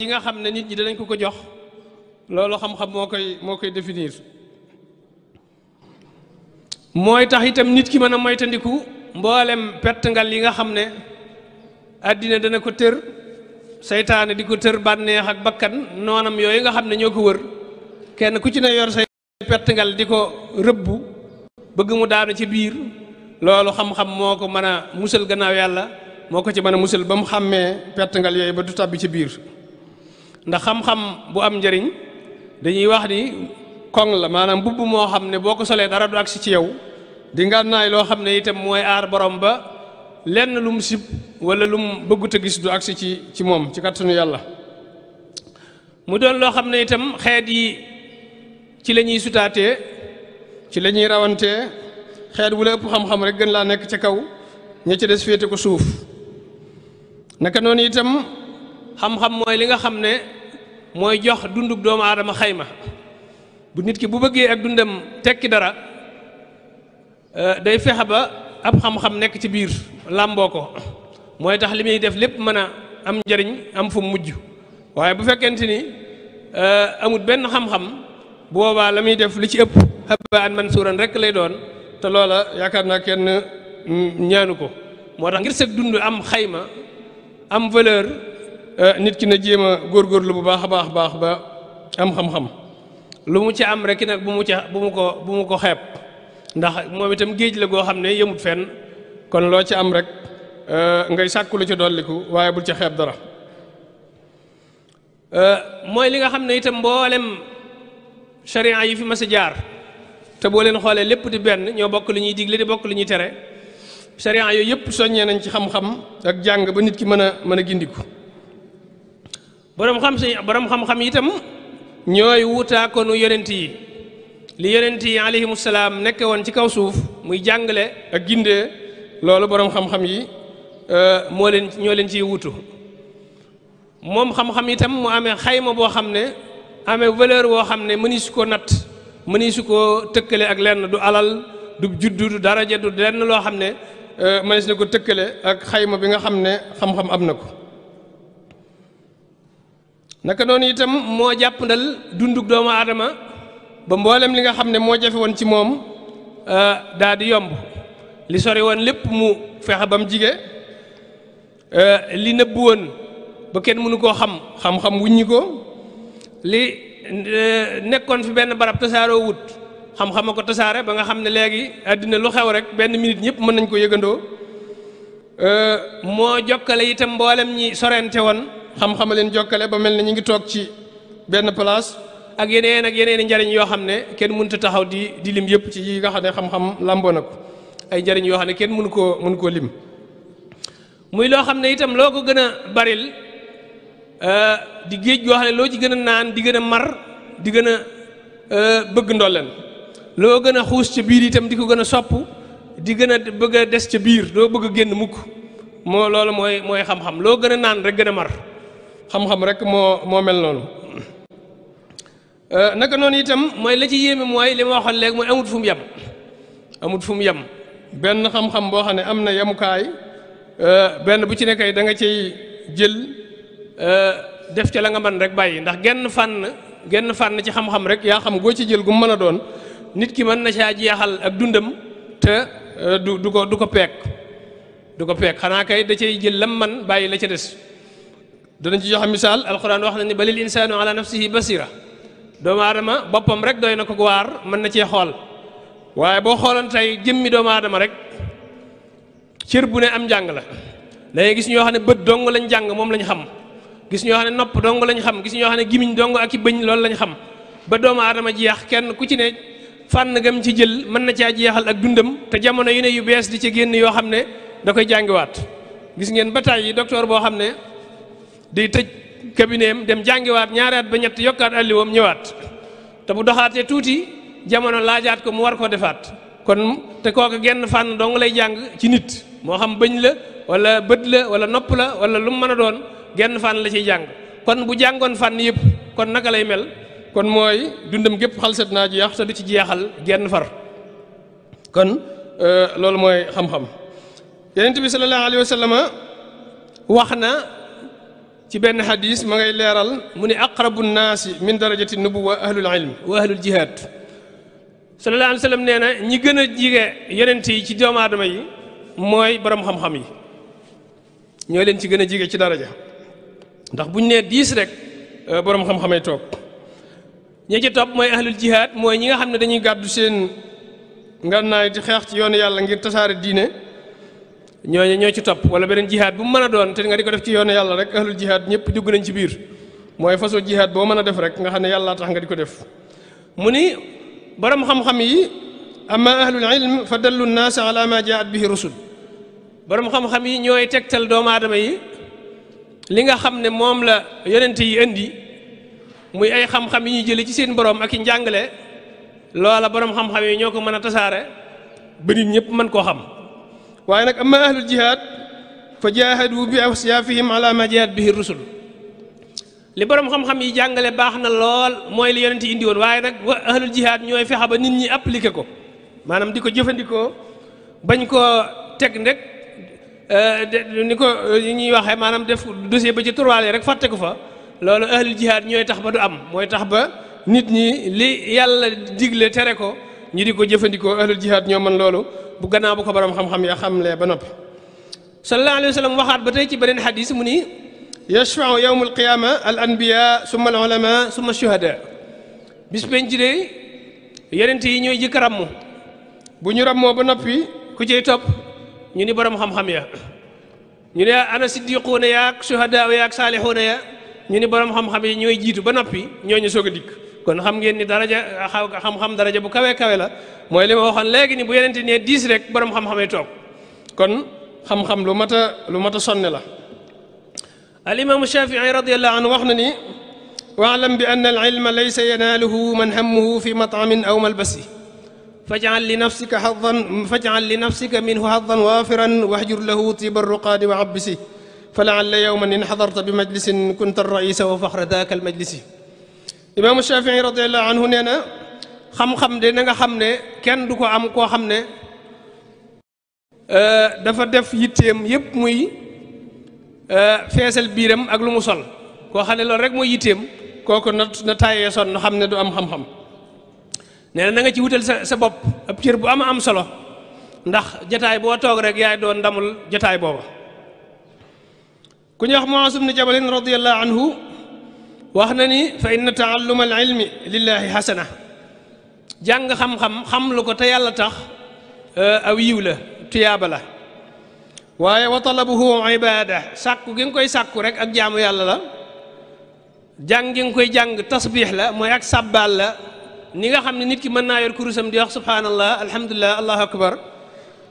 yi nga xam ne nit ñi danañ ko ko jox loolu xam-xam moo koy moo koy définir mooy tax itam nit ki mën a moytandiku mboolem pettangal yi nga xam ne àddina dana ko tër seytaane di ko tër bànneex ak bakkan noonam yooyu nga xam ne ñoo ko wër kenn ku ci ne yor say pettangal di ko rëbbu bëgg mu daanu ci biir loolu xam-xam moo ko mën a musal gannaaw yàlla moo ko ci mën a musal ba mu xàmmee pettangal yooyu ba du tàbbi ci biir ndax xam-xam bu am njariñ dañuy wax ni koŋ la maanaam mbubb moo xam ne boo ko solee dara du agsi ci yow di ngànnaay loo xam ne itam mooy aar borom ba lenn lu mu sib wala lu mu bëggut a gis du agsi ci ci moom ci kattanu yàlla mu doon loo xam ne itam xeet yi ci lañuy ñuy sutaatee ci la ñuy rawantee xeet bu la ëpp xam-xam rek gën laa nekk ca kaw ña ca des féete ko suuf naka noonu itam xam-xam mooy li nga xam ne mooy jox dundub doomu aadama xayma bu nit ki bu bëggee ak dundam tekki dara euh, day fexe ba ab xam-xam nekk ci biir làmboo ko mooy tax li muy def lépp mën a am njariñ am fu mujj waaye bu fekkente ni euh, amut benn xam-xam bu boobaa la muy def li ci ëpp haba man mansuuran rek lay doon te loola yaakaar naa kenn ñaanu ko moo tax ngir sëg dund am xayma am valeur Eh, nit ki na jéem a lu bu baax a baax baax ba am xam-xam lu mu ci am rek nag bu mu ci bu mu ko bu ko xeeb ndax moom itam géej la goo xam ne yëmut fenn kon loo ci am rek eh, ngay sàkku lu ci dolliku waaye bul ci xeeb dara eh, mooy li nga xam ne itam mboolem charia yi fi mas a jaar te boo leen xoolee lépp di benn ñoo bokk lu ñuy digle di bokk lu ñuy tere charia yooyu yëpp soññee nañ ci xam-xam ak jàng ba nit ki mën a mën a gindiku borom xam si borom xam-xam itam ñooy wutaakonu yonent yi li yonent yi alayhimu salaam nekk woon ci kaw suuf muy jàngale ak gindee loolu boroom xam-xam yi euh, moo leen ñoo leen ciy wutu moom xam-xam itam mu amee xayma boo xam ne amee valeur woo xam ne mëni su ko natt mëni su ko tëkkale ak lenn du alal du juddu du daraja du lenn loo xam ne euh, mënees na ko tëkkale ak xayma bi nga xam ne xam-xam am na ko naka noonu itam moo jàppandal dunduk doomu aadama ba mboolem li nga xam ne moo jafe woon ci moom euh, daa di yomb li sori woon lépp mu fexe ba mu jige euh, li nëbb woon ba kenn mënu koo xam xam-xam wuññi ko li euh, nekkoon fi benn barab tasaaroo wut xam-xam ko tasaare ba nga xam ne léegi àddina lu xew rek benn minute ñëpp mën nañ ko yëgandoo moo jokkale itam mboolem ñi sorente woon xam-xama leen jokkale ba mel ne ñu ngi toog ci benn place ak yeneen ak yeneen i njariñ yoo xam ne kenn mënut a taxaw di di lim yëpp ci yi nga xam ne xam-xam lamboo na ko ay njariñ yoo xam ne kenn mënu koo mënu koo lim muy loo xam ne itam loo ko gën a baril euh, di géej goo xam ne loo ci gën a naan di gën a mar di gën a euh, bëgg ndolleen loo gën a xuus ca biir itam di ko gën a sopp di gën a bëgg a des ca biir loo bëgg a génn mukk moo loolu mooy mooy xam-xam loo gën a naan rek gën a mar xam-xam rek moo moo mel noonu euh, naka noonu itam mooy la ci yéeme mooy li ma waxoon léegi mooy amut fu mu yem amut fu yem benn xam-xam boo xam ne am na yemukaay euh, benn bu ci nekkee da nga cay jël euh, def ca la nga man rek bàyyi ndax genn fànn genn fànn ci xam-xam rek yaa xam goo ci jël gu mu mën a doon nit ki mën na caa jeexal ak dundam te du du ko du ko peek du ko peek xanaa kay da cay jël lam man bàyyi la ca des danañ ci joxe misaal alxuraan wax na ni balil insaanu ala nafsihi basira doomu aadama boppam rek doy na ko waar mën na cee xool waaye boo xooloon tey jëmmi doomu aadama rek cër bu ne am njàng la dangay gis ñoo xam ne bët dong lañ jàng moom lañ xam gis ñoo xam ne nopp dong lañ xam gis ñoo xam ne gimiñ dong ak i bëñ loolu lañ xam ba doomu aadama jeex kenn ku ci ne fànn gam ci jël mën na caa jeexal ak dundam te jamono yu ne yu bees di ci génn yoo xam ne da koy jàngiwaat gis ngeen bataay yi docteur day tëj cabinet am dem jàngiwaat ñaari at ba ñett yokkaat alliwoom ñëwaat te bu doxaatee tuuti jamono laajaat ko mu war ko defaat kon te kooku genn fànn dong lay jàng ci nit moo xam bëñ la wala bët la wala nopp la wala lu mu mën a doon genn fànn la ciy jàng kon bu jàngoon fànn yëpp kon naka lay mel kon mooy dundam gépp xalsat naa jeex te du ci jeexal genn far kon euh, loolu mooy xam-xam yonent bi sallallahu alayhi wa wax na ci benn xadis ma ngay leeral mu ne aqrabu nnaasi min darajati nubuwa ahlul ilm wa ahlul jihaad sallallahu alayhi nee na ñi gën a jige yonent yi ci doomu aadama yi mooy borom xam-xam yi ñoo leen ci gën a jige ci daraja ndax buñ nee diis rek euh, boroom xam-xamay toog ñi ci topp mooy ahlul jihaad mooy ñi nga xam ne dañuy gàddu seen ngànnaay di xeex ci yoonu yàlla ngir tasaare diine ñooñu ñoo ci topp wala beneen jihaad bu mu mën a doon te nga di ko def ci yoonu yàlla rek ahlul jihaad ñëpp dugg nañ ci biir mooy façon jihaad boo mën a def rek nga xam ne yàlla tax nga di ko def mu ni borom xam-xam yi amma naas ala ma jaat bihi rusul borom yi ñooy tegtal doomu aadama yi li nga xam ne moom la yonente yi indi muy ay xam-xam yi ñuy jële ci seen borom ak yi njàngale loola borom xam-xam yi ñoo ko mën a tasaare ba nit ñëpp mën koo xam waaye nag amma ahlul jihaad fa jaahadu bi asyaafihim ala ma jahad bihi rusul li borom xam-xam yi jàngale baax na lool mooy li yonent indi woon waaye nag wa ahlul jihaad ñooy fexe ba nit ñi appliqué ko maanaam di ko jëfandikoo bañ ko teg ndek eh, ni ko ñuy waxee maanaam def dossier ba ci turwaale rek fàtte ko fa loolu ahlul jihaad ñooy tax ba du am mooy tax ba nit ñi li yàlla digle tere ko ñu di ko jëfandikoo ahlul jihaad ñoo mën loolu bu gannaaw bu ko borom xam-xam ya xamlee ba noppi sallallahu alayhi wa waxaat ba tey ci beneen xadis mu ni yashfau yowm alqiyaama al anbiya summa al ulama summa shuhada bis penc de yenent ñooy jëkk ràmm bu ñu ràmmoo ba noppi ku cey topp ñu ni borom xam-xam ya ñu ne ana siddiquuna yaak shuhada yaak saalixuuna ya ñu ni borom xam-xam ya ñooy jiitu ba noppi ñooñu soog a dikk kon xam ngeen ni daraja xam-xam daraja bu kawe kawe la mooy li ma waxoon léegi ni bu yenente ne diis rek borom xam-xamee toog kon xam-xam lu mat a lu mat a sonne la al imaamu shafii radiallahu anhu wax na ni waalam bi ann al ilma laysa yanaaluhu man hammuhu fi mataamin aw malbasi fajal li nafsika xadan fajal li nafsika minhu xadan waafiran waxjur lahu tiba ruqaadi wa abbisi fa laalla yowman in xadarta bi majlisin kunta raisa wa faxra daaka al majlisi imaamu shafii radiallahu anhu nee na xam-xam de na nga xam ne kenn du ko am koo xam ne euh, dafa def yitteem yépp muy euh, feesal biiram ak lu mu sol koo xam ne loolu rek mooy yitteem kooku na na taayee sonn xam ne du am xam-xam nee na nga ci wutal sa sa bopp ab cër bu am am solo ndax jataay boo toog rek yaay doon ndamul jataay booba ku ñu wax Muaz ibn Jabal radiyallahu anhu wax na ni fa inna taalluma al ilmi lillahi xasana jàng xam-xam xam lu ko te yàlla tax euh, aw yiw la tuyaaba la waaye wa talabuhu ibada sàkku gi nga koy sàkku rek ak jaamu yàlla la jàng gi koy jàng tasbiix la mooy ak sàbbaal la ni nga xam ne nit ki mën naa yor kurusam di wax subhaanallah alhamdulilah allahu akbar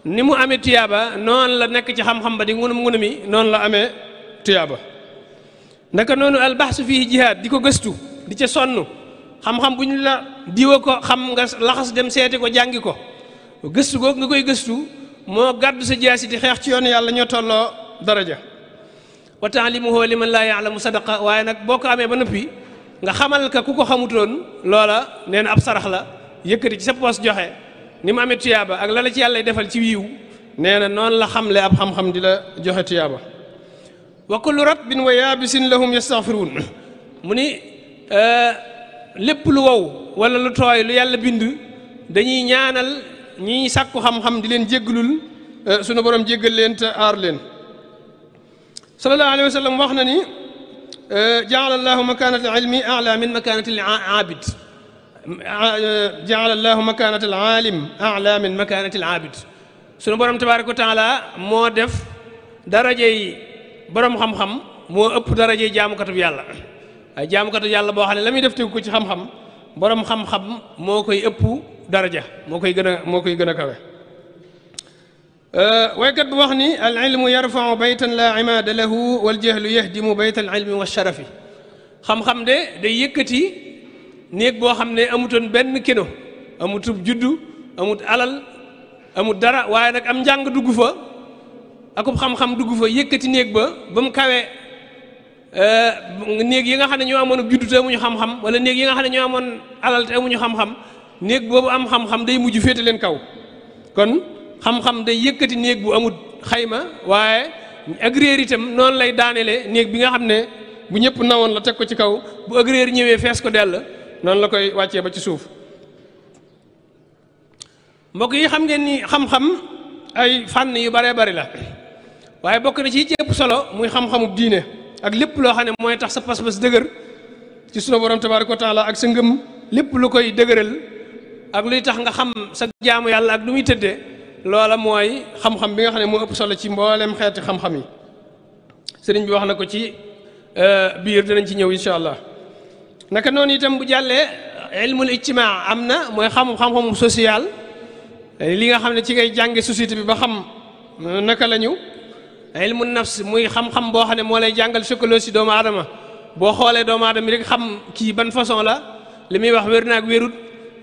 ni mu amee tuyaaba noon la nekk ci xam-xam ba di ngunum ngunumi noonu la ame tuyaaba naka noonu albaxsu fii jihaad di ko gëstu di ca sonn xam-xam bu ñu la diwa ko xam nga laxas dem seeti ko jàngi ko gëstu googu nga koy gëstu moo gàddu sa jaasi di xeex ci yoon yàlla ñoo tolloo daraja wa taalimuhu liman laa yaalamu sadaqa waaye nag boo ko amee ba noppi nga xamal ka ku ko xamutoon loola nee na ab sarax la yëkkati ci sa poos joxe ni mu amee tuyaaba ak la la ci yàlla defal ci wiiw nee na noonu la xam le ab xam-xam di la joxe tuyaaba wa kullu ratbin wa yaabisin lahum yastaghfiruun mu ni euh, lépp lu wow wala lu tooy lu yàlla bind dañuy ñaanal ñi sàkku xam-xam di leen jéggalul euh, sunu borom jéggal leen te aar leen sallallahu alayhi wa sallam wax na ni euh, jaala allahu makaanat al ilmi ala min makaanat al aabid jaala allahu makaanat al aalim ala min makaanat al aabid sunu borom tabaaraka wa taala moo def darajey borom xam-xam moo ëpp daraje jaamukatub yàlla waaye jaamukatub yàlla boo xam ne la muy def tegu ko ci xam-xam borom xam-xam moo koy ëpp daraja moo koy gën a moo koy gën a kawe euh, waykat bu wax ni al ilmu yarfau baytan la imaada lahu wal jahlu yahdimu bayt al ilmi wa sharafi xam-xam day yëkkati néeg boo xam ne amutoon benn keno amutub juddu amut alal amut dara waaye nag am njàng dugg fa akub xam-xam dugg fa yëkkati néeg ba ba mu kawe euh, néeg yi nga xam ne ñu amoon juddu te amuñu xam-xam wala néeg yi nga xam ne ñoo amoon alal te amuñu xam-xam néeg boobu am xam day mujj féete leen kaw kon xam day yëkkati néeg bu amul xayma waaye ak réer itam noonu lay daanele néeg bi nga xam ne bu ñëpp nawoon la teg ko ci kaw bu ak ñëwee fees ko dell noonu la koy wàccee ba ci suuf mbokk yi xam ngeen xam-xam. ay fànn yu baree bari la waaye bokk na ci ci ëpp solo muy xam-xamub diine ak lépp loo xam ne mooy tax sa pas-pas dëgër ci sunu borom tabaaraka wa taala ak sa ngëm lépp lu koy dëgëral ak luy tax nga xam sa jaamu yàlla ak lu muy tëddee loola mooy xam-xam bi nga xam ne moo ëpp solo ci mboolem xeeti xam-xam yi sëriñ bi wax na ko ci euh, biir nañ ci ñëw incha allah naka noonu itam bu jàllee ilmul ijtimaa am na mooy xam xam-xamu social Eh, li nga xam ne ci ngay jànge société bi ba xam eh, naka la ñu ilmu nafs muy xam-xam boo xam ne moo lay jàngal psychologie doomu aadama boo xoolee doomu aadama yi rek xam kii ban façon la li muy wax wér naag wérut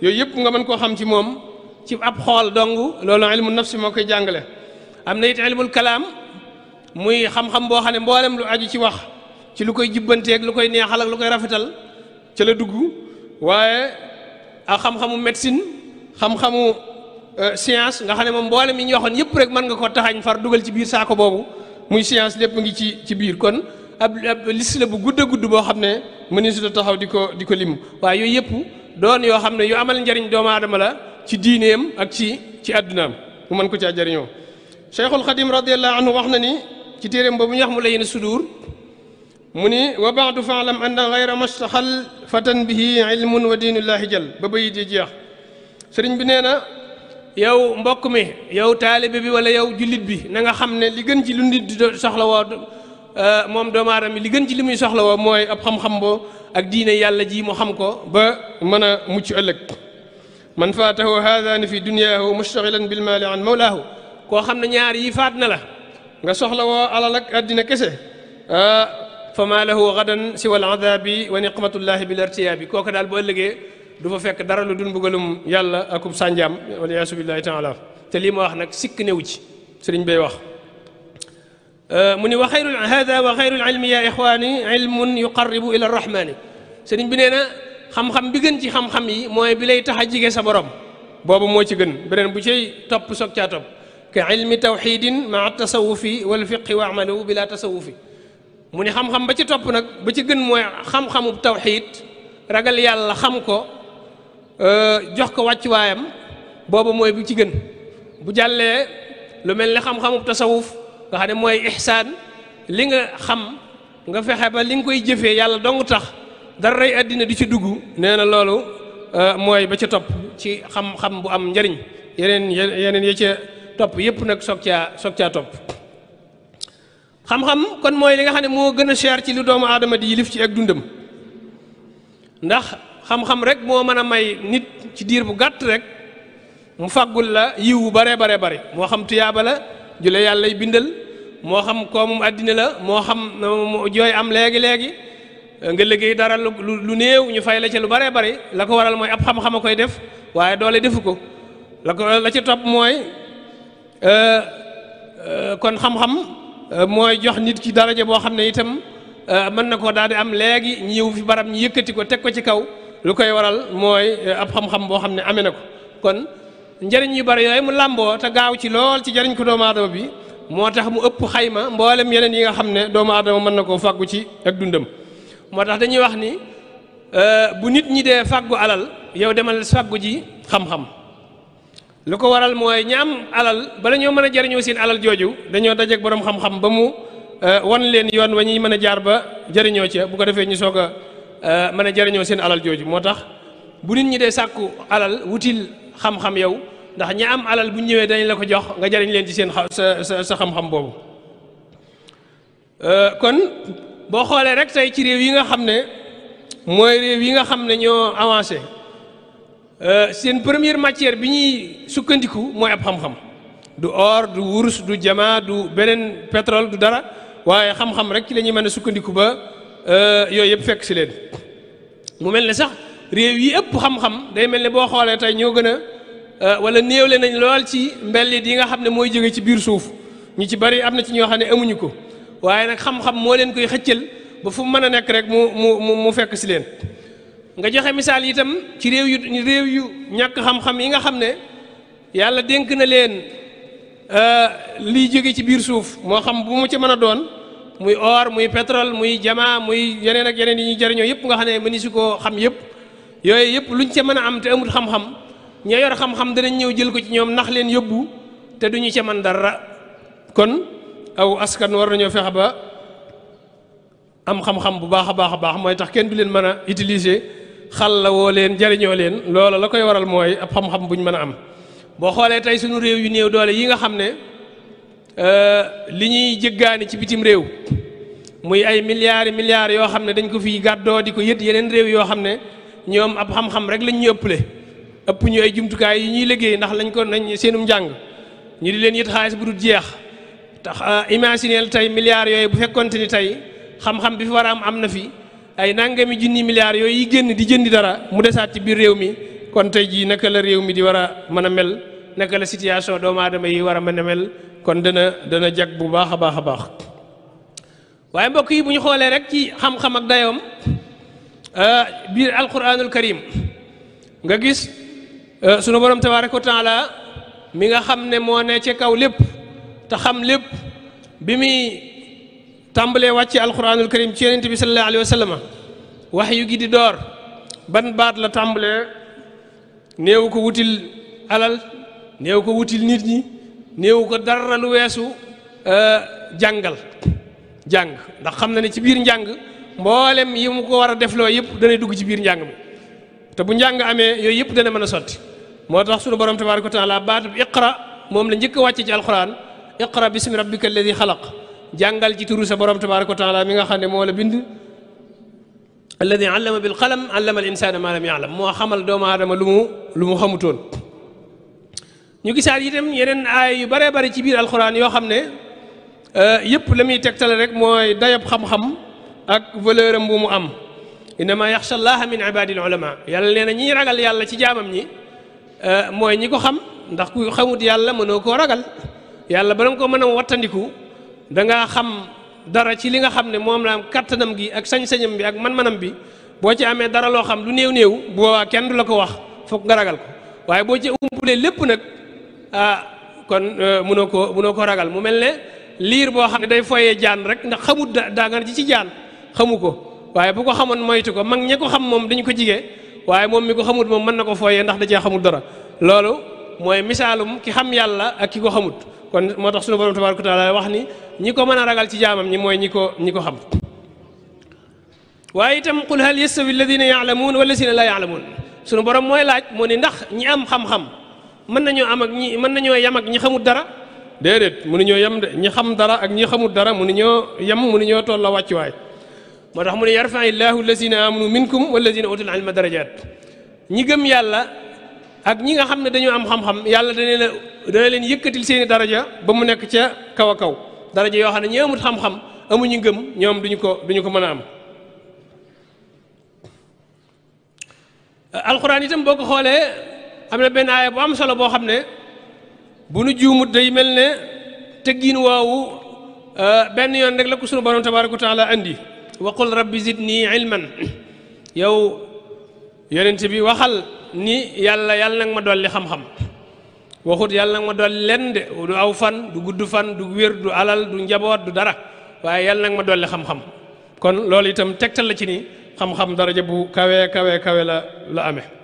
yooyu yëpp nga mën koo xam ci moom ci ab xool dong loolu ilmu nafs moo koy jàngale am na it ilmul kalaam muy xam-xam boo xam ne mboolem lu aju ci wax ci lu koy jubbanteeg lu koy neexal lu koy rafetal ca la dugg waaye ak xam-xamu médecine xam Euh, science nga xam ne moom mboolem yi ñu rek mën nga ko taxañ far dugal ci biir saako boobu muy science lépp ngi ci ci biir kon ab ab la bu gudd a gudd boo xam ne mënees na taxaw di ko di ko lim waaye yooyu yëpp doon yoo xam ne yu amal njariñ doomu aadama la ci diineem ak ci ci addunaam mu mën ko caa jariñoo cheikhul xadim radiallahu anhu wax na ni ci téeréem boobu ñu wax mu la yéen sudur mu ni wa baadu faalam anna gayra mastaxal fatan bihi ilmun wa diinullahi jal ba bayit yi jeex yow mbokk mi yow taalibe bi wala yow jullit bi na nga xam ne li gën ci lu nit di soxla woo euh, moom doomu aadama bi li gën ci li muy soxla woo mooy ab xam-xam boo ak diine yàlla ji mu xam ko ba mën a mucc ëllëg man faatahu haadaani fi duniyaahu mustaxilan bil maali an mawlaahu koo xam ne ñaar yi faat na la nga soxla woo alal ak àddina kese euh, fa maa lahu gadan siwa al adaabi wa niqmatullahi bil irtiyaabi kooku daal bu ëllëgee du fa fekk dara lu dul mbugalum yàlla akub sànjaam wala yaasu billahi taala te lii ma wax nag sikk newu ci sëriñ bay wax mu ni wa xayru hada wa xayrul ilmi ya ixwaani ilmun yuqarribu ila arrahmaani sëriñ bi nee na xam bi gën ci xam yi mooy bi lay tax a jige sa borom boobu moo ci gën beneen bu ci topp soog caa topp ka ilmi tawxidin maa tasawufi wal fiqi wa amalu bila tasawufi mu ni xam-xam ba ci topp nag ba ci gën mooy xam-xamub tawxid ragal yàlla xam ko Euh, jox ko wàccuwaayam boobu mooy bu ci gën bu jàllee lu mel ni xam-xamu tasawuf nga xam ne mooy ihsaan li nga xam nga fexe ba li nga koy jëfee yàlla dong tax dara rey àddina di ci dugg nee na loolu euh, mooy ba ca topp ci xam-xam bu am njariñ yeneen yeneen ya ca topp yépp nag soog caa topp xam-xam kon mooy li nga xam ne moo gën a cher ci lu doomu aadama di yilif ci ak dundam ndax xam-xam rek moo mën a may nit ci diir bu gàtt rek mu fàggul la yiwu bare bare bare moo xam tuyaaba la ju la yàllay bindal moo xam koomum àddina la moo xam jooy am léegi-léegi nga liggéey dara lu néew ñu fay la ca lu bare bare la ko waral mooy ab xam-xama koy def waaye doole defu ko la la ca topp mooy euh, euh, kon xam euh, mooy jox nit ki daraja boo xam ne itam mën na ko daal di am léegi ñëw fi barab ñu yëkkati ko teg ko ci kaw lu koy waral mooy eh, ab xam-xam boo xam ne amee na ko kon njariñ yu bari yooyu mu làmboo te gaaw ci lool ci jariñ ko doomu aadama bi moo tax mu ëpp xayma mboolem yeneen yi nga xam ne doomu aadama mën na koo fàggu ci ak dundam moo tax dañuy wax ni eh, bu nit ñi dee fàggu alal yow demal fàggu ji xam-xam lu ko waral mooy ñi am alal bala ñoo mën a jëriñoo seen alal jooju dañoo dajeek boroom xam-xam ba mu eh, wan leen yoon wa ñuy mën a jaar ba jëriñoo ca bu ko defee Euh, mën a jariñoo seen alal jooju moo tax bu nit ñi dee sàkku alal wutil xam-xam yow ndax ñi am alal bu ñëwee dañ la ko jox nga jariñ leen ci seen sa sa xam-xam boobu euh, kon boo xoolee rek tey ci réew yi nga xam ne mooy réew yi nga xam ne ñoo avancé euh, seen première matière bi ñuy sukkandiku mooy ab xam-xam du or du wurus du jamaa du beneen pétrole du dara waaye xam-xam rek ci la ñuy a sukkandiku ba Euh, yooyu yëpp fekk si leen mu mel ni sax réew yi ëpp xam-xam day mel ni boo xoolee tey ñoo gën a euh, wala néewle nañ lool ci mbellit yi nga xam ne mooy jóge ci biir suuf ñu ci bari am na ci ñoo xam ne amuñu ko waaye nag xam-xam moo leen koy xëccal ba fu mu mën a nekk rek mu mu mu fekk si leen nga joxe misaal itam ci réew yu réew yu ñàkk xam-xam yi nga xam ne yàlla dénk na leen euh, liy jóge ci biir suuf moo xam bu mu ci mën a doon muy or muy pétrole muy jamaa muy yeneen ak yeneen yi ñuy jëriñoo yëpp nga xam ne mëni si koo xam yëpp yooyu yëpp luñ ca mën a am te amut xam-xam ña yor xam-xam danañ ñëw jël ko ci ñoom nax leen yóbbu te duñu ca mën dara kon aw askan war nañoo fexe ba am xam bu baax a baax a baax mooy tax kenn du leen mën a utiliser xal la woo leen jëriñoo leen loola la koy waral mooy ab xam-xam buñ mën a am boo xoolee tey suñu réew yu néew doole yi nga xam ne Euh, li ñuy jëggaani ci bitim réew muy ay milliards milliards yoo xam ne dañ ko fi gàddoo di ko yët yeneen réew yoo xam ne ñoom ab xam-xam rek lañu ñu le ëpp ñu ay jumtukaay yi ñuy liggéey ndax lañ ko nañ seenum njàng ñu di leen yët xaalis bu dul jeex tax euh, imagineel tey milliards yooyu bu fekkonte ni tey xam-xam bi fi war a am am na fi ay nangami junni milliards yooyu yi génn di jëndi dara mu desaat ci biir réew mi kon tey jii naka la réew mi di war a mën a mel naka la situation doomu aadama yi war a ma a mel kon dana dana jag bu baax a baax a baax waaye mbokk yi bu ñu xoolee rek ci xam-xam ak dayoom euh, biir alquranul karim nga gis euh, sunu borom tabaaraka wa taala mi nga xam ne moo ne ci kaw lépp te xam lépp bi muy tàmbalee wàcce alquranul karim ci yonent bi sallallahu alayhi wax yu gi door ban baat la tàmbalee néew ko wutil alal néew ko wutil nit ñi néew ko dara lu weesu euh, jàngal jàng ndax xam na ne ci biir njàng mboolem yi mu ko war a defloo yëpp danay dugg ci biir njàng mi te bu njàng amee yooyu yëpp dana mën a sotti moo tax sunu borom tabaaraka wa baat baatub iqra moom la njëkk a wàcce ci alquran iqra bismi rabbika alladi xalaq jàngal ci turu borom tabaaraka mi nga xam ne moo la bind alladi allama bil qalam ma lam moo xamal doomu aadama lu lu mu xamutoon ñu gisaat itam yeneen aay yu baree bari ci biir alxuraan yoo xam ne euh, yépp la muy tegtale rek mooy dayab xam-xam ak valeur am bu mu am innama yaxsha llaha min ibadil ulama yàlla nee na ñiy ragal yàlla ci jaamam ñi euh, mooy ñi ko xam ndax ku xamut yàlla mënoo koo ragal yàlla bala nga ko mën a wattandiku da ngaa xam dara ci li nga xam ne moom la am kattanam gi ak sañ-sañam bi ak man-manam bi boo ci amee dara loo xam lu néew-néew boo kenn du la ko wax foog nga ragal ko waaye boo ci umpulee lépp nag ah kon eh, mënoo koo mënoo ko ragal mu mel ne liir boo xam ne day foyee jaan rek ndax xamut daangar ji ci jaan xamu ko waaye bu ko xamoon moytu ko mag ña ko xam moom dañu ko jigee waaye moom mi ko xamut moom mën na ko fooyee ndax dajee cee dara loolu mooy misaalum ki xam yàlla ak ki ko xamut kon moo tax sunu borom tabaraka taala wax ni ñi ko mën a ragal ci jaamam ñi mooy ñi ko ñi ko xam waaye itam qul hal yastawi alladina yaalamuun wallazina la yaalamuun sunu borom mooy laaj moo ni ndax ñi am xam-xam mën nañoo am ak ñi mën nañoo yem ak ñi xamul dara déedéet ñoo yem de ñi xam dara ak ñi xamul dara mënuñoo yem mënuñoo toll la wàccuwaay moo tax mu ne yarfa illaahu allazina amanu minkum wallazina utul ilma darajat ñi gëm yàlla ak ñi nga xam ne dañoo am xam-xam yàlla dana leen dana leen yëkkatil seeni daraja ba mu nekk ca kaw a kaw daraja yoo xam ne ñi amul xam-xam amuñu gëm ñoom duñu ko duñu ko mën a am alxuraan itam boo ko xoolee am na benn aaya bu am solo boo xam ne bu nu juumut day mel te giin waawu euh, benn yoon rek la ko sunu borom tabaaraka wa taala andi wa qul rabbi zidni ilman yow yonent bi waxal ni yàlla yàlla nag ma dolli xam-xam waxut yàlla nag ma dolli lenn de du aw fan du gudd fan du wér du alal du njaboot du dara waaye yàlla nag ma dolli xam-xam kon loolu itam tegtal la ci ni xam-xam daraja bu kawe kawe kawe la la amee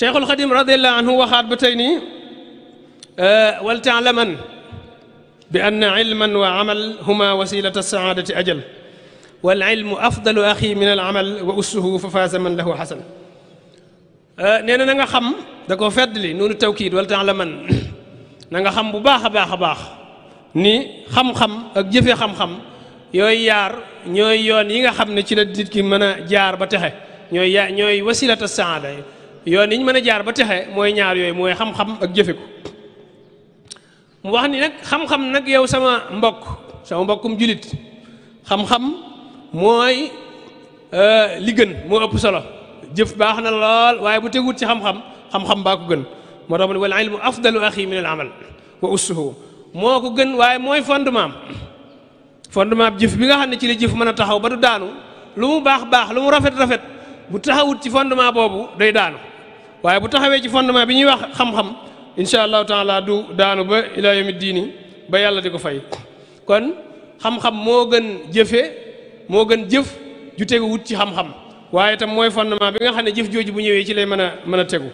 cheikhul xadim radiallahu anhu waxaat ba tey nii wal taalaman bi ann ilman wa amal huma wasilata saadati ajal wal ilmu afdalu axi min al amal wa ussuhu fa faasa man lahu xasan eh, nee na na nga xam da ko feddli noonu tawkiid wal taalaman na nga xam bu baax a baax a baax ni xam-xam ak jëfe xam-xam yooyu yaar ñooy yoon yi nga xam ne ci la nit ki mën a jaar ba texe ñooy yaa ñooy wasilata saada yoon yi mën a jaar ba texe mooy ñaar yooyu mooy xam-xam ak jëfe ko mu wax ni nag xam-xam nag yow sama mbokk sama mbokkum julit xam-xam mooy euh, li gën moo ëpp solo jëf baax na lool waaye bu teguut ci xam-xam xam-xam baa ko gën moo tax mu ne wal ilmu afdalu axi min al amal wa moo ko gën waaye mooy fondement am fondement am jëf bi nga xam ne ci la jëf mën a taxaw ba du daanu lu mu baax baax lu mu rafet rafet bu taxawut ci fondement boobu day daanu waaye bu taxawee ci fondement bi ñuy wax xam-xam incha allahu taala du daanu ba ila yawmi diini ba yàlla di ko fay kon xam-xam moo gën jëfe moo gën jëf ju tegu wut ci xam-xam waaye tam mooy fondement bi nga xam ne jëf jooju bu ñëwee ci lay mën a mën a tegu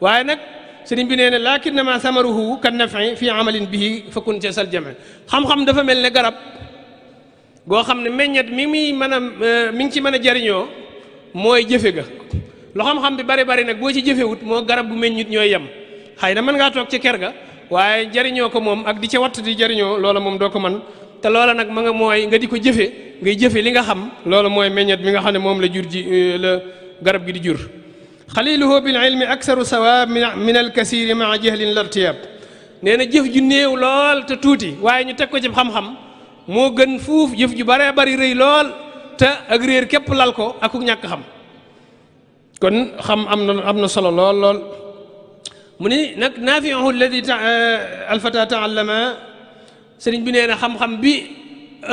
waaye nag sëriñ bi nee ne lakinnama samaruhu kan nafi fi amalin bihi fakun ca sal jame xam-xam dafa mel ne garab goo xam ne meññet mi muy mën a mi ngi ci mën a jariñoo mooy jëfe ga lu xam-xam bi bari bari nag boo ci jëfewut moo garab bu meññit ñooy yem xëy na mën ngaa toog ci ker ga waaye jariñoo ko moom ak di ca watt di jariñoo loola moom doo ko man te loola nag ma nga mooy nga di ko jëfe ngay jëfe li nga xam loola mooy meññet mi nga xam ne moom la jur ji euh, la garab gi di jur xaliluhu bil ilmi aksaru sawaab min alkasiri maa jahlin lartiyab nee na jëf ju néew lool te tuuti waaye ñu teg ko ci xam-xam moo gën fuuf jëf ju baree bari rëy lool te ak képp lal ko akuk ñàkk xam kon xam am na am na solo lool lool mu ni nag naafiahu alladi eh, alfata taallama sëriñ bi nee na xam-xam bi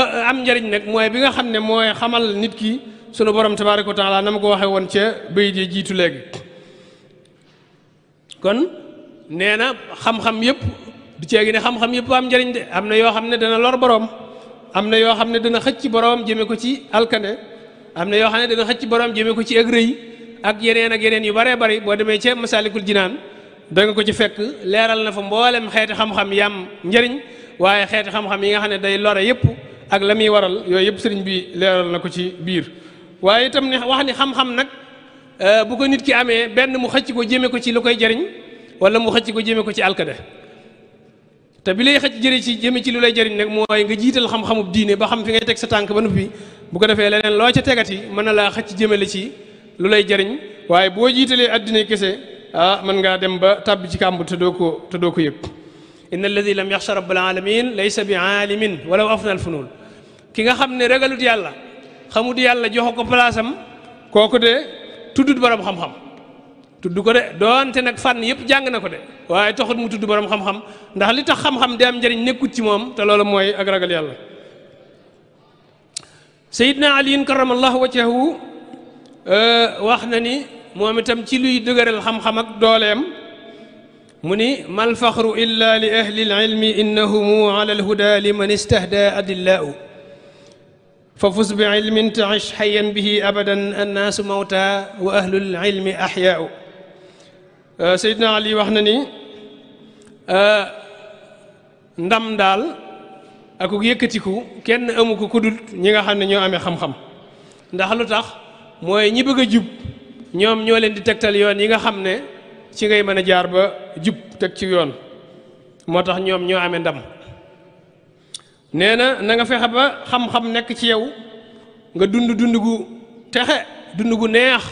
eh, am njariñ nag mooy bi nga xam ne mooy xamal nit ki sunu borom tabaaraka wa taala na ma ko waxee woon ca béy ji jiitu léegi kon nee na xam-xam yëpp du ceegi ne xam-xam yëpp am njariñ de am na yoo xam ne dana lor borom am na yoo xam ne dana xëcc borom jëme ko ci alkande am na yoo xam ne dana xëcc borom jëme ko ci ak rëy ak yeneen ak yeneen yu baree bari boo demee ca masalikul jinaan da nga ko ci fekk leeral na fa mboolem xeeti xam-xam yam njëriñ waaye xeeti xam-xam yi nga xam ne day lore yëpp ak la muy waral yooyu yëpp sëriñ bi leeral ci biir waaye itam ne wax ni xam-xam nag euh, bu ko nit ki amee benn mu xëcc ko jëme ko ci lu koy jariñ wala mu xëcc ko jëme ko ci alkade te bi lay xëcc jëri ci jëme ci lu lay jëriñ nag mooy nga jiital xam-xamub diine ba xam fi ngay teg sa tànk ba noppi bu ko defee leneen loo ca tegati mën na laa xëcc la ci lu lay jariñ waaye boo jiitalee addina kese ah mën ngaa dem ba tàbb ci kàmb te doo ko te doo ko yëg inna alladi lam yaxsha rabbal alamin laysa bi aalimin walaw afna fu funun ki nga xam ne ragalut yàlla xamut yàlla joxo ko place am kooku de tuddut borom xam-xam tudd ko de doonte nag fànn yëpp jàng na ko de waaye taxut mu tudd borom xam-xam ndax li tax xam-xam di am njëriñ nekkut ci moom te loolu mooy ak ragal yàlla sayidna aliin karamallahu Euh, wax na ni moom itam ci luy dëgëral xam ak dooleem mu ni mal faxru illa li ahli ilmi innahumu ala alhuda liman istahda adillaau fa fus bi ilmin taish xayan bihi abadan annaasu mawta wa ahlul ilmi axyaau euh, Seydina Ali wax na ni euh, ndam daal akuk yëkkatiku kenn amu ko kudut ñi na xam ne xamxam ndax lu tax mooy ñi bëgg a jub ñoom ñoo leen di tegtal yoon yi nga xam ne ci ngay mën a jaar ba jub teg ci yoon moo tax ñoom ñoo amee ndam nee na na nga fexe ba xam-xam nekk ci yow nga dund dund gu texe dund gu neex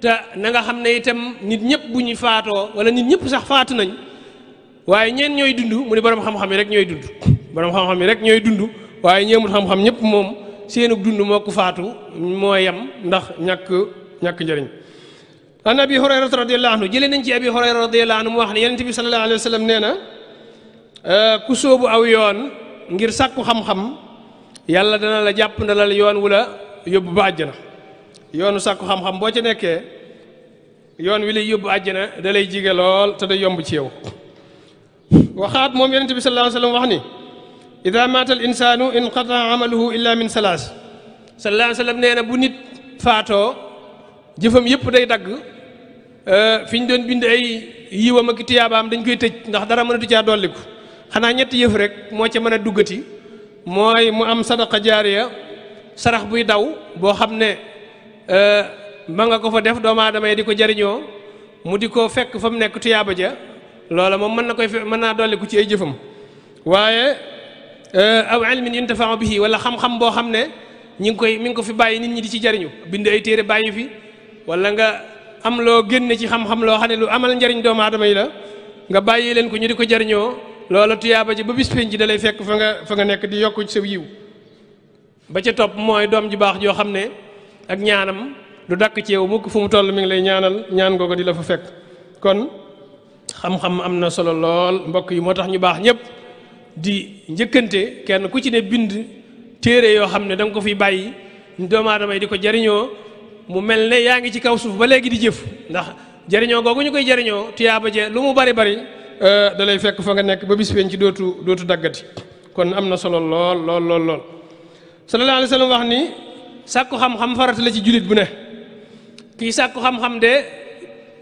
te na nga xam ne itam nit ñëpp bu ñu faatoo wala nit ñëpp sax faatu nañ waaye ñeen ñooy dund mu ne borom xam-xam yi rek ñooy dund borom xam-xam yi rek ñooy dund waaye ñeemul xam-xam ñëpp moom seenug dund moo ko faatu moo yem ndax ñàkk ñàkk njëriñ an abi hurayrata radiallahu anhu jëlee nañ ci abi hurayra radiallahu anhu mu wax ne yonent bi sallallahu alayhi wa sallam nee na ku sóobu aw yoon ngir sàkku xam yàlla dana la jàpp na la yoon wu la yóbbu yoonu sàkku xam boo ci nekkee yoon wi lay yóbbu àjjana da lay jige lool te day yomb ci yow waxaat moom yonent bi sallallahu alayhi wa sallam wax ni ida maata al insaanu inqataa amaluhu illa min salaas sallallahu alayhi wa nee na bu nit faatoo jëfam yëpp day dagg euh, fi ñu doon bind ay yiwam ak tiyaabaam dañ koy tëj ndax dara mënatu caa dolliku xanaa ñetti yëf rek moo ca mën a duggati mooy mu am sadaqa jaariya sarax buy daw boo xam ne euh, ma nga ko fa def doomu aadama yi di ko jariñoo mu di ko fekk fa mu nekk tuyaaba ja loola moom mën na koy mën naa dolliku ci ay jëfam waaye Euh, aw ilmin bi bihi wala xam-xam boo xam ne ñi ngi koy mi ngi ko fi bàyyi nit ñi di ci jariñu bind ay téere bàyyi fi wala nga am loo génne ci xam-xam loo xam ne lu amal njariñ doomu aadama yi la nga bàyyi leen ko ñu di ko jariñoo loola tuyaaba ji ba bis pénc ci da lay fekk fa nga fa nga nekk di yokku ci sa yiw ba ca topp mooy doom ju baax joo xam ne ak ñaanam lu dakk ci yow mukk fu mu toll mi ngi lay ñaanal ñaan googu di la fa fekk kon xam-xam am na solo lool mbokk yi moo tax ñu baax ñëpp di njëkkante kenn ku ci ne bind téere yoo xam ne danga ko fi bàyyi doomu aadama yi di ko jariñoo mu mel ne yaa ngi ci kaw suuf ba léegi di jëf ndax jariñoo googu ñu koy jariñoo tuyaaba je lu mu bari bari euh, da lay fekk fa nga nekk ba bis ci dootu dootu daggati kon am na solo lool lool lool lool sallallahu wax ni sàkku xam-xam farata la ci jullit bu ne kii sàkku xam-xam de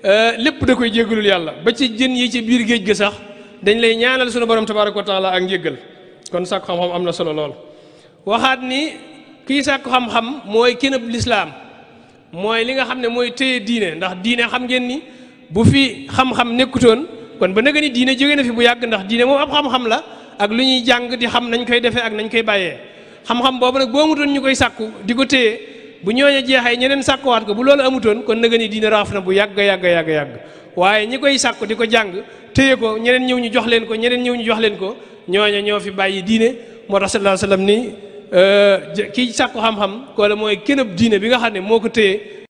euh, lépp da koy jéggalul yàlla ba ci jën yi ci biir géej ga sax dañ lay ñaanal sunu borom tabaaraka wa taala ak njëggal kon sàkku xam-xam am na solo lool waxaat ni kii sàkku xam-xam mooy ken kenëb lislaam mooy li nga xam ne mooy téye diine ndax diine xam ngeen ni bu fi xam-xam nekkutoon kon ba naga ni diine jóge na fi bu yàgg ndax diine moom ab xam-xam la ak lu ñuy jàng di xam nañ koy defee ak nañ koy bàyyee xam-xam boobu nag boo amutoon ñu koy sàkku di ko téye bu ñooñu jeexee ñeneen sàkkuwaat ko bu loolu amutoon kon naga ni diine raaf na bu yàgg yàgg yàgg yàgg waaye ñi koy sàkku di ko jàng téye ko ñeneen ñëw ñu jox leen ko ñeneen ñëw ñu jox leen ko ñooña ñoo fi bàyyi diine moo tax sallallahu alayhi wasallam ni euh, kii sàkku xam-xam wala mooy kenëb diine bi nga xam ne moo ko téye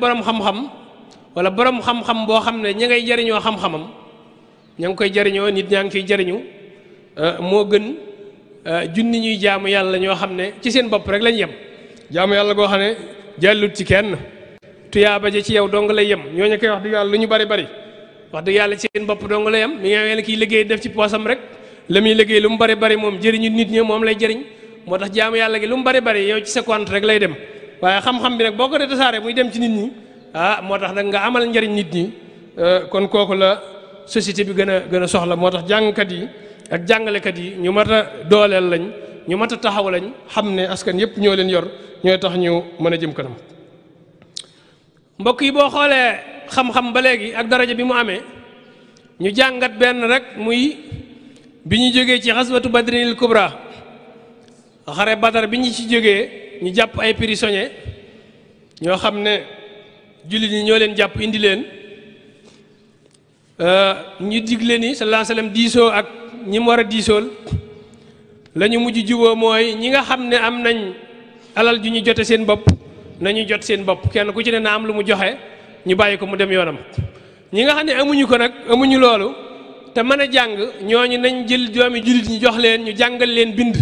borom xam-xam wala borom xam-xam boo xam ne ñi ngay jariñoo xam-xamam ña ngi koy jariñoo nit ñaa ngi koy jariñu euh, moo gën euh, junni ñuy jaamu yàlla ñoo xam ne ci seen bopp rek lañ yem jaamu yàlla goo xam ne jàllut ci kenn tuyaaba ji ci yow dong lay yem ñooñu koy wax dëgg yàlla lu ñu bari bari wax dëgg yàlla ci seen bopp dong la yem mi nga ne kiy liggéey def ci poosam rek la muy liggéey lu mu bari bari moom jëriñu nit ñi moom lay jëriñ moo tax jaamu yàlla gi lu mu bari bari yow ci sa rek lay dem waaye xam-xam bi nag boo ko dee tasaare muy dem ci nit ñi ah moo tax nag nga amal njariñ nit ñi euh, kon kooku la société bi gën a gën a soxla moo tax jàngkat yi ak jàngalekat yi ñu mat a dooleel lañ ñu mat a taxaw lañ xam ne askan yépp ñoo leen yor ñooy tax ñu mën a jëm kanam mbokk yi boo xoolee xam-xam ba léegi ak daraja bi mu amee ñu jàngat benn rek muy bi ñu jógee ci xaswatu badrinil kubra xare badar bi ñu ci jógee ñu jàpp ay prisonniers ñoo xam ne jullit ñi ñoo leen jàpp indi leen euh, ñu digle ni sallallahu alayhi wasallam diisoo ak ñi mu war a diisool la mujj juboo mooy ñi nga xam ne am nañ alal ju ñu jote seen bopp nañu jot seen bopp kenn ku ci ne na am lu mu joxe ñu bàyyi ko mu dem yoonam ñi nga xam ne amuñu ko nag amuñu loolu te mën a jàng ñooñu nañ jël doomi jullit ñi jox leen ñu jàngal leen bind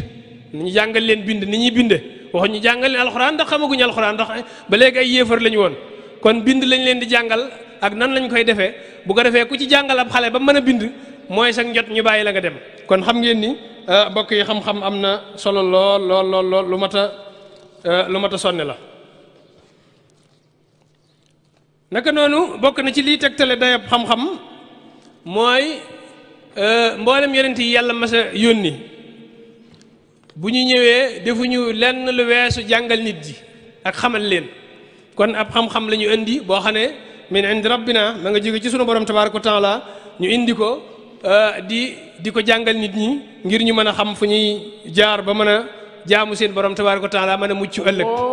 ñu jàngal leen bind ni ñuy binde waxu ñu jàngal leen alxuraan ndax xamaguñu alxuraan ndax ba léegi ay yéefar lañu woon kon bind lañ leen di jàngal ak nan lañu koy defee bu ko defee ku ci jàngal ab xale ba mën a bind mooy sax njot ñu bàyyi la nga dem kon xam ngeen ni ah, mbokk yi xam-xam am na solo lool lool lool lu mat a ah, lu mat a sonne la naka noonu bokk na ci liy tegtale dayab xam-xam mooy ah, mboolem yonent yàlla mas a yónni bu ñu ñëwee defuñu lenn lu weesu jàngal nit ji ak xamal leen kon ab xam-xam la ñu indi boo xam ne min indi rabbina ma nga jóge ci sunu borom ko wa laa ñu indi ko euh, di di ko jàngal nit ñi ngir ñu mën a xam fu ñuy jaar ba mën a jaamu seen borom ko wa laa mën a mucc ëllëg